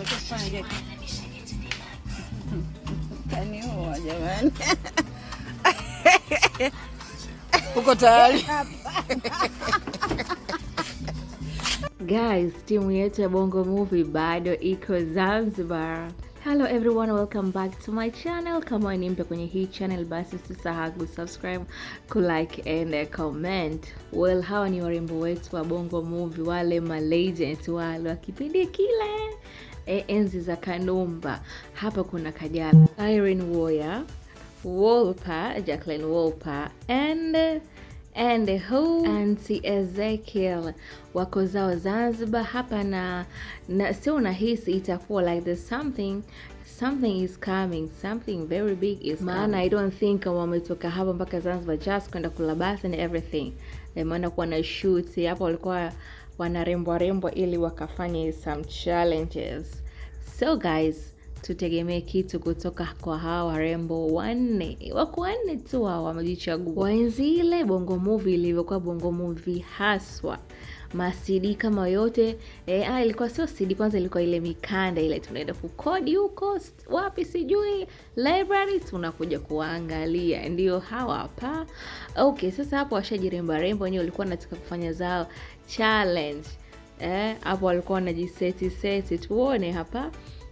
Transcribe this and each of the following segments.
Tutafanya kaniua jamani, uko tayari? Guys, timu yetu ya Bongo Movie bado iko Zanzibar. Hello everyone, welcome back to my channel. Kama ni mpya kwenye hii channel, basi usisahau kusubscribe, kulike and eh, comment. Well, hawa ni warembo wetu wa Bongo Movie, wale malegends wale wa kipindi kile e, enzi za Kanumba. Hapa kuna Kajabi, Irene Uwoya, Wolpa, Jacqueline Wolpa and and who Auntie Ezekiel wako zao Zanzibar hapa na, na sio unahisi itakuwa like there's something something is coming something very big is coming. maana I don't think wametoka hapa mpaka Zanzibar just kwenda kula bath and everything, maana kuwa na shoot hapo walikuwa wanarembwarembwa ili wakafanye some challenges. So guys tutegemee kitu kutoka kwa hawa warembo wanne, wako wanne tu hawa wamejichagua. Waenzi ile bongo movie ilivyokuwa bongo movie haswa masidi kama yote eh, ah, ilikuwa sio sidi kwanza, ilikuwa ile mikanda ile tunaenda kukodi huko wapi sijui library, tunakuja kuangalia ndio hawa hapa. Okay, sasa hapo washajiremba rembo wenyewe walikuwa wanataka kufanya zao challenge eh, walikuwa wanajiseti seti, tuone hapa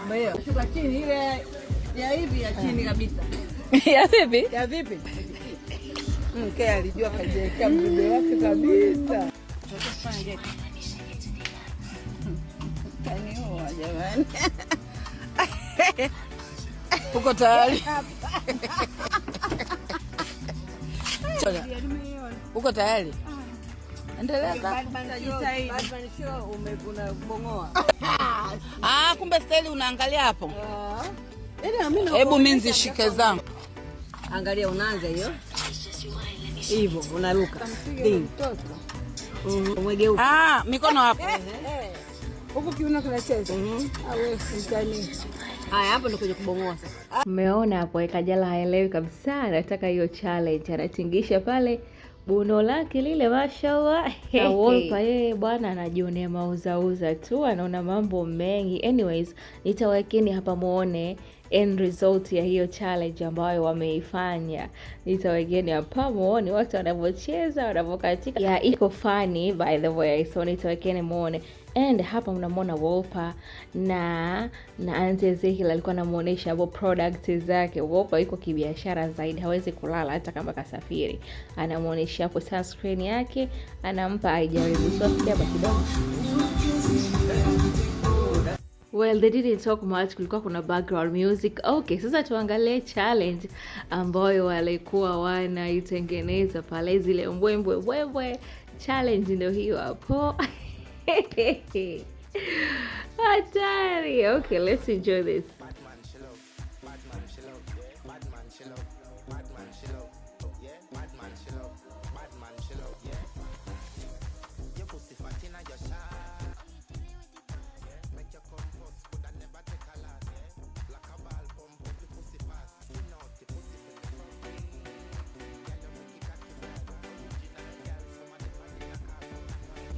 ya vipi? Ya vipi? Mke alijua kajiwekea mdude wake kabisa. Yaani jamani. Uko tayari? Uko tayari? Endeleza. Ah, kumbe staili unaangalia hapo. Ah. Yaani, ah, Hebu mimi nzishike zangu. Angalia unaanza hiyo. Hivyo unaruka. Mm-hmm. Umegeuka. Ah, mikono hapo. Eh, eh, eh. Huko mm-hmm. ah, Haya, hapo ndio kuja kubomoa sasa. Mmeona hapo, Kajala haelewi kabisa, anataka hiyo challenge, anatingisha pale Buno lake lile mashallah, na Wolper yeye bwana anajionea mauzauza tu, anaona mambo mengi. Anyways, nitawekeni hapa muone end result ya hiyo challenge ambayo wameifanya. Nitawekeni hapa muone watu wanavyocheza wanavyokatika, yeah, iko funny by the way, so nitawekeni muone and hapa mnamwona Wolper na na Aunty Ezekiel alikuwa anamuonesha hapo products zake. Wolper iko kibiashara zaidi, hawezi kulala hata kama kasafiri. Anamuonesha hapo sunscreen yake, anampa haijaribu sikia hapa kidogo Well, they didn't talk much, kulikuwa kuna background music. Okay, sasa tuangalie challenge ambayo walikuwa wanaitengeneza pale, zile mbwembwe mbwembwe challenge, ndio hiyo hapo. Atari. Okay, let's enjoy this.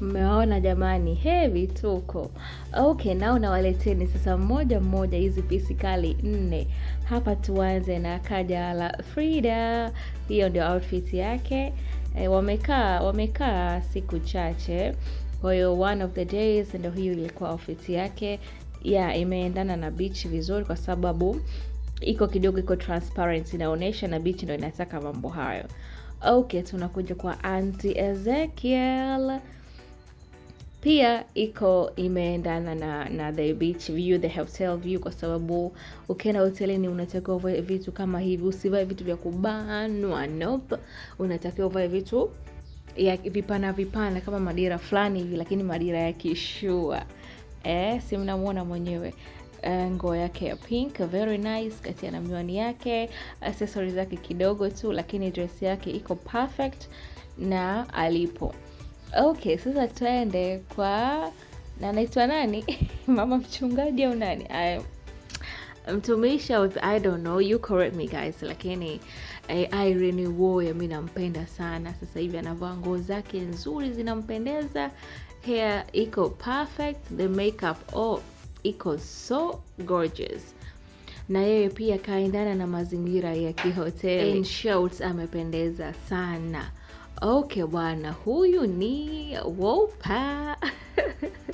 Mmewaona jamani, he vituko. Okay, nao nawaleteni sasa mmoja mmoja hizi pisi kali nne. Hapa tuanze na kaja la Frida. Hiyo ndio outfit yake. E, eh, wamekaa wamekaa siku chache, kwa hiyo one of the days ndio hiyo ilikuwa outfit yake ya yeah, imeendana na beach vizuri kwa sababu iko kidogo iko transparent inaonyesha, na beach ndio inataka mambo hayo. Okay, tunakuja kwa Auntie Ezekiel. Pia iko imeendana na, na the beach view, the hotel view, kwa sababu ukienda hotelini unatakiwa uvae vitu kama hivi, usivae vitu vya kubanwa nope. Unatakiwa uvae vitu ya vipana vipana kama madira fulani hivi, lakini madira ya kishua eh, si mnamuona mwenyewe eh, nguo yake ya pink very nice, kati na miwani yake, accessories zake kidogo tu, lakini dress yake iko perfect na alipo Okay, sasa tuende kwa na nani? mama mchungaji au nani? mtumishi I don't know, you correct me guys, lakini eh, Irene Uwoya mi nampenda sana. Sasa hivi anavaa nguo zake nzuri zinampendeza, hair iko perfect, the makeup oh, iko so gorgeous na yeye pia kaendana na mazingira ya kihoteli. In short, amependeza sana Okay bwana, huyu ni Woupa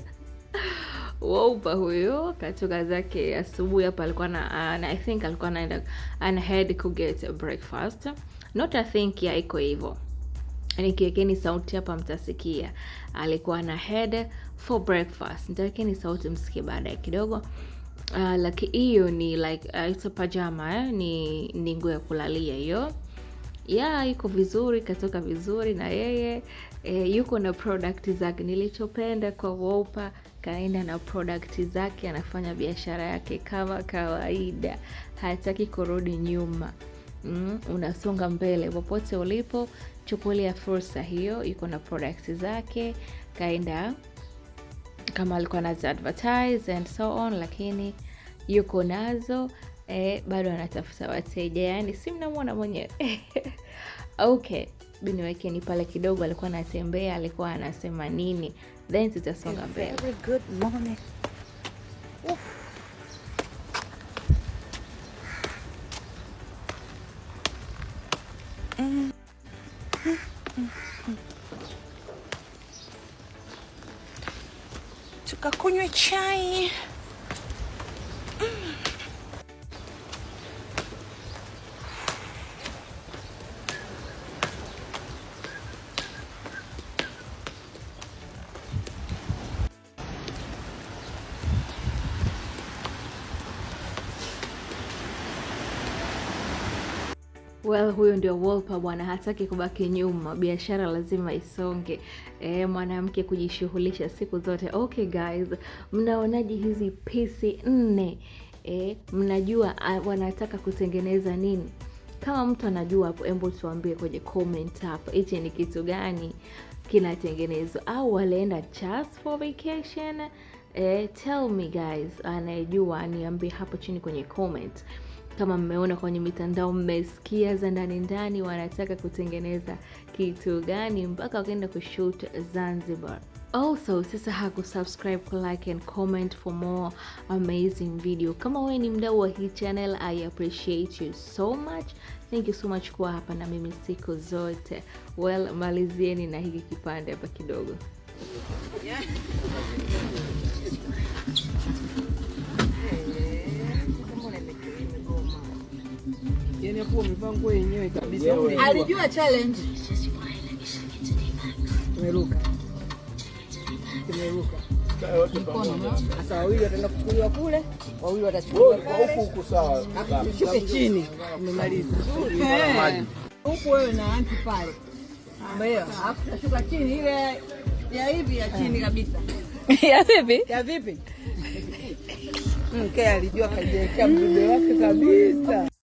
Woupa huyo katoka zake asubuhi hapa, alikuwa na I think alikuwa anaenda anahead ku get breakfast, not I think ya iko hivyo, nikiwekeni yaani sauti hapa mtasikia alikuwa na head for breakfast. Nitawekeni sauti msikie baadaye kidogo. Uh, ah, laki hiyo ni like uh, it's a pajama eh? ni ni nguo ya kulalia hiyo ya iko vizuri, katoka vizuri na yeye e, yuko na product zake. Nilichopenda kwa Wolper, kaenda na product zake, anafanya biashara yake kama kawaida, hataki kurudi nyuma. Mm, unasonga mbele popote ulipo, chukulia fursa hiyo. Iko na product zake, kaenda kama alikuwa nazi advertise and so on, lakini yuko nazo e, bado anatafuta wateja, yani si mnamwona mwenyewe okay, ni pale kidogo, alikuwa anatembea, alikuwa anasema nini, then tutasonga mbele. Mm-hmm. Tukakunywa chai. Well, huyo ndio Wolpa bwana, hataki kubaki nyuma, biashara lazima isonge. E, mwanamke kujishughulisha siku zote. Okay guys, mnaonaje hizi pisi nne? E, mnajua wanataka kutengeneza nini? Kama mtu anajua hapo, embo tuambie kwenye comment hapo, hichi ni kitu gani kinatengenezwa, au walienda just for vacation? E, tell me guys, anayejua niambie hapo chini kwenye comment. Kama mmeona kwenye mitandao, mmesikia za ndani ndani, wanataka kutengeneza kitu gani mpaka wakaenda kushoot Zanzibar. Also, usisahau kusubscribe, like and comment for more amazing video. Kama wewe ni mdau wa hii channel, I appreciate you so much. Thank you so much kuwa hapa na mimi siku zote. Well, malizieni na hiki kipande hapa kidogo. yani hapo umevaa nguo yenyewe kabisa. Alijua challenge. Tumeruka. Tumeruka. Sasa wawili wataenda kuchukuliwa kule, wawili watachukuliwa huku huku, sawa. Shuke chini. Umemaliza. Huku wewe na anti pale. Mbaya, alafu tutashuka chini ile ya hivi ya chini kabisa. Ya vipi? Ya vipi? Mke alijua kajiwekea mdude wake kabisa.